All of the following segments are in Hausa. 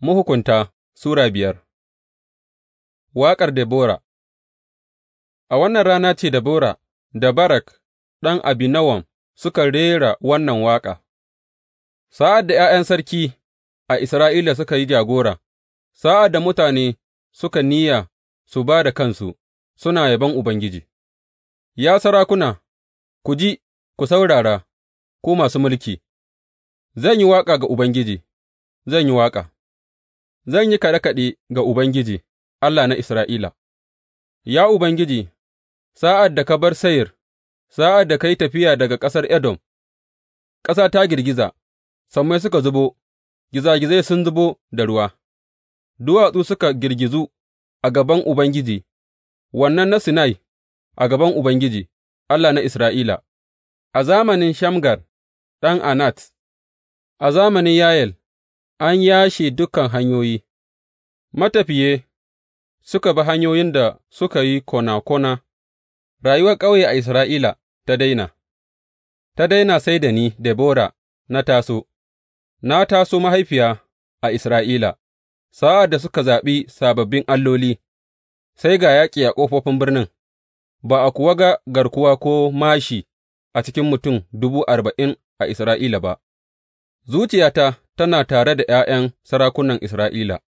Mahukunta Sura biyar Waƙar Debora A wannan rana ce Debora da Barak ɗan Abinawam suka rera wannan waƙa, Sa'ad da ’ya'yan sarki a Isra'ila suka yi jagora, sa'ad da mutane suka niyya su ba da kansu, suna yabon Ubangiji, Ya sarakuna, ku ji, ku saurara, ku masu mulki, zan yi waƙa ga Ubangiji, zan yi waƙa. zan yi kaɗe kaɗe ga Ubangiji, Allah na Isra'ila. Ya Ubangiji, sa'ad da ka bar Sayir, sa'ad da ka yi tafiya daga ƙasar Edom, ƙasa ta girgiza, sammai suka zubo, gizagizai sun zubo da ruwa, duwatsu suka girgizu a gaban Ubangiji, wannan na Sinai a gaban Ubangiji, Allah na Isra'ila, a zamanin Shamgar ɗan Anat, a zamanin Yayel an yashe dukan hanyoyi, matafiye suka bi hanyoyin da suka yi kona kona, rayuwar ƙauye a Isra'ila ta daina, ta daina sai da ni, Debora, na taso, na taso mahaifiya a Isra'ila, sa'ad da suka zaɓi sababbin alloli, sai ga yaƙi a ƙofofin birnin, ba a kuwa ga garkuwa ko mashi a cikin mutum dubu arba'in a Isra'ila ba. Zuciyata tana tare da ’ya'yan sarakunan Isra'ila,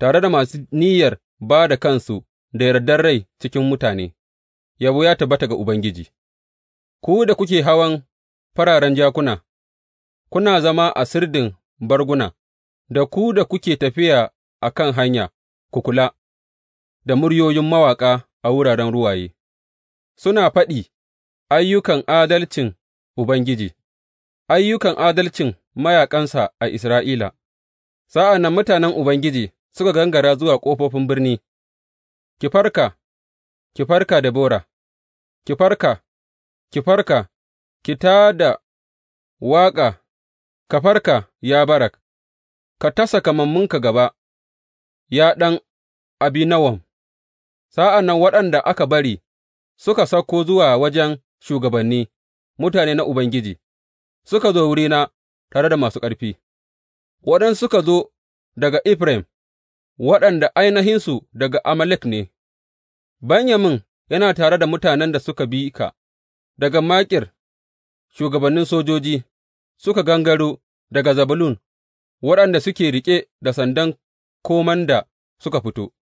tare da masu niyyar ba da kansu da yardar rai cikin mutane, yabo ya tabbata ga Ubangiji, ku da kuke hawan fararen jakuna, kuna zama a sirdin barguna, da ku da kuke tafiya a kan hanya, ku kula da muryoyin mawaƙa a wuraren ruwaye, suna faɗi ayyukan adalcin Ubangiji, ayyukan adalcin mayaƙansa a Isra'ila. Sa'an nan mutanen Ubangiji suka gangara zuwa ƙofofin birni, Ki farka, ki farka Debora, ki farka, ki farka, ki tā da waƙa, ka farka, ya Barak, ka tasa kamammunka gaba, ya ɗan Abinowam. Sa'an nan waɗanda aka bari suka sauko zuwa wajen shugabanni, mutane na Ubangiji, suka zo wurina tare da masu ƙarfi, waɗansu suka zo daga Efraim, waɗanda ainihinsu daga Amalek ne, Benyamin yana tare da mutanen da suka bi ka, daga Makir, shugabannin sojoji, suka gangaro daga Zabulun, waɗanda suke riƙe da sandan komanda suka fito,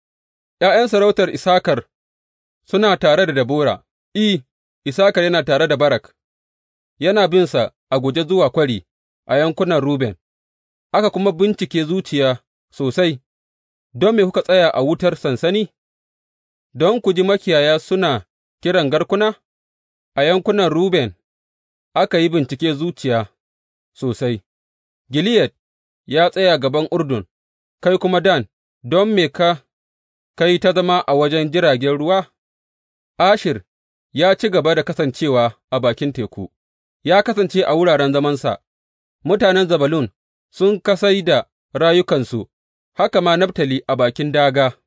’ya'yan sarautar Isakar suna tare da Dabora, I, Isakar yana tare da Barak, yana binsa a guje zuwa kwari a yankunan Ruben, aka kuma bincike zuciya sosai, don me kuka tsaya a wutar sansani, don ku ji makiyaya suna kiran garkuna? A yankunan Ruben aka yi bincike zuciya sosai, Gilead ya tsaya gaban Urdun, kai kuma Dan, don me ka kai ta zama a wajen jiragen ruwa? Ashir ya ci gaba da kasancewa a bakin teku, ya kasance a wuraren zamansa. Mutanen zabalun sun kasai da rayukansu, haka ma Naftali a bakin daga.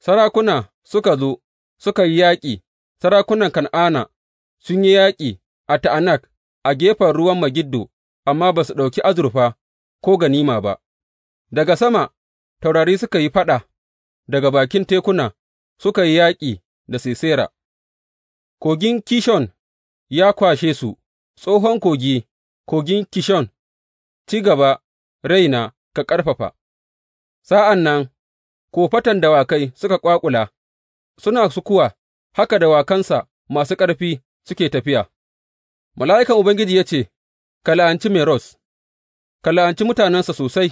sarakuna suka zo suka yi yaƙi, sarakunan Kan'ana sun yi yaƙi a Ta'anak a gefen ruwan magiddo, amma ba su ɗauki azurfa ko ganima ba, daga sama taurari suka yi faɗa, daga bakin tekuna suka yi yaƙi da Sisera, kogin Kishon ya kwashe su, tsohon kogi Kogin Kishon, ci gaba, raina, ka ƙarfafa. Sa'an nan kofatan dawakai suka ƙwaƙula, suna sukuwa, haka dawakansa masu ƙarfi suke tafiya. Mala'ikan Ubangiji ya ce, Ka la'anci Meros, ka la'anci mutanensa sosai,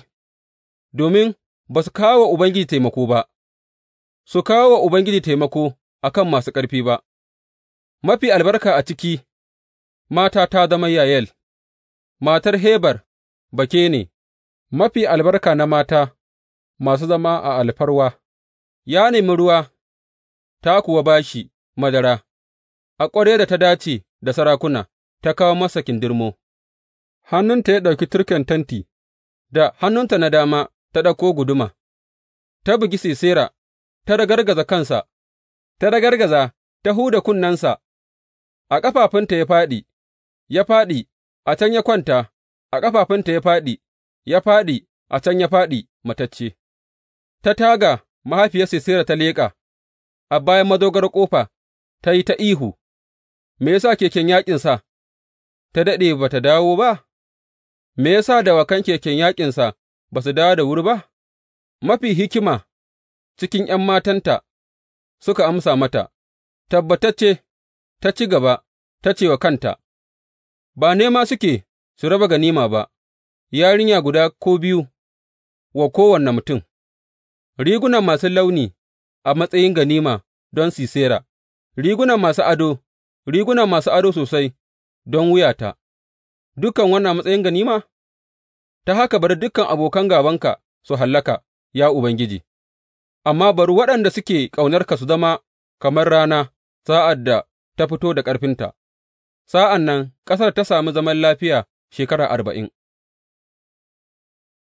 domin ba su kawo wa Ubangiji taimako ba, su kawo wa Ubangiji taimako a kan masu ƙarfi ba, mafi albarka a ciki, mata ta zama Yayel. Matar Heber Bake ne, mafi albarka na mata masu zama a alfarwa, ya nemi ruwa, ta kuwa ba shi madara, a ƙware da ta dace da sarakuna, ta kawo masa kindirmo, hannunta ya ɗauki turken tanti, da hannunta na dama ta ɗauko guduma, ta bugi Sisera, ta ragargaza kansa, ta ragargaza ta huda kunnensa, a ƙafafunta ya fāɗi, ya fāɗi A can ya kwanta, a ƙafafunta ya fāɗi, ya fāɗi, a can ya fāɗi matacce, ta taga mahaifiyar Sisera ta leƙa, a bayan madogar ƙofa ta yi ta ihu, Me ya sa keken yaƙinsa ta daɗe ba ta dawo ba? Me ya sa dawakan keken yaƙinsa ba su dawo da wuri ba? Mafi hikima cikin ’yan matanta suka amsa mata, tabbatacce ta ci gaba, ta ce wa kanta. ba nema suke su raba ganima ba, yarinya guda ko biyu wa kowane mutum, riguna masu launi a matsayin ganima don Sisera, riguna masu ado, riguna masu ado sosai don wuyata, dukan wannan matsayin ganima? Ta haka bari dukan abokan gabanka su hallaka, ya Ubangiji, amma bari waɗanda suke ƙaunarka su zama kamar rana sa'ad da ta fito da ƙarfinta. Sa'an nan ƙasar ta sami zaman lafiya shekara arba'in.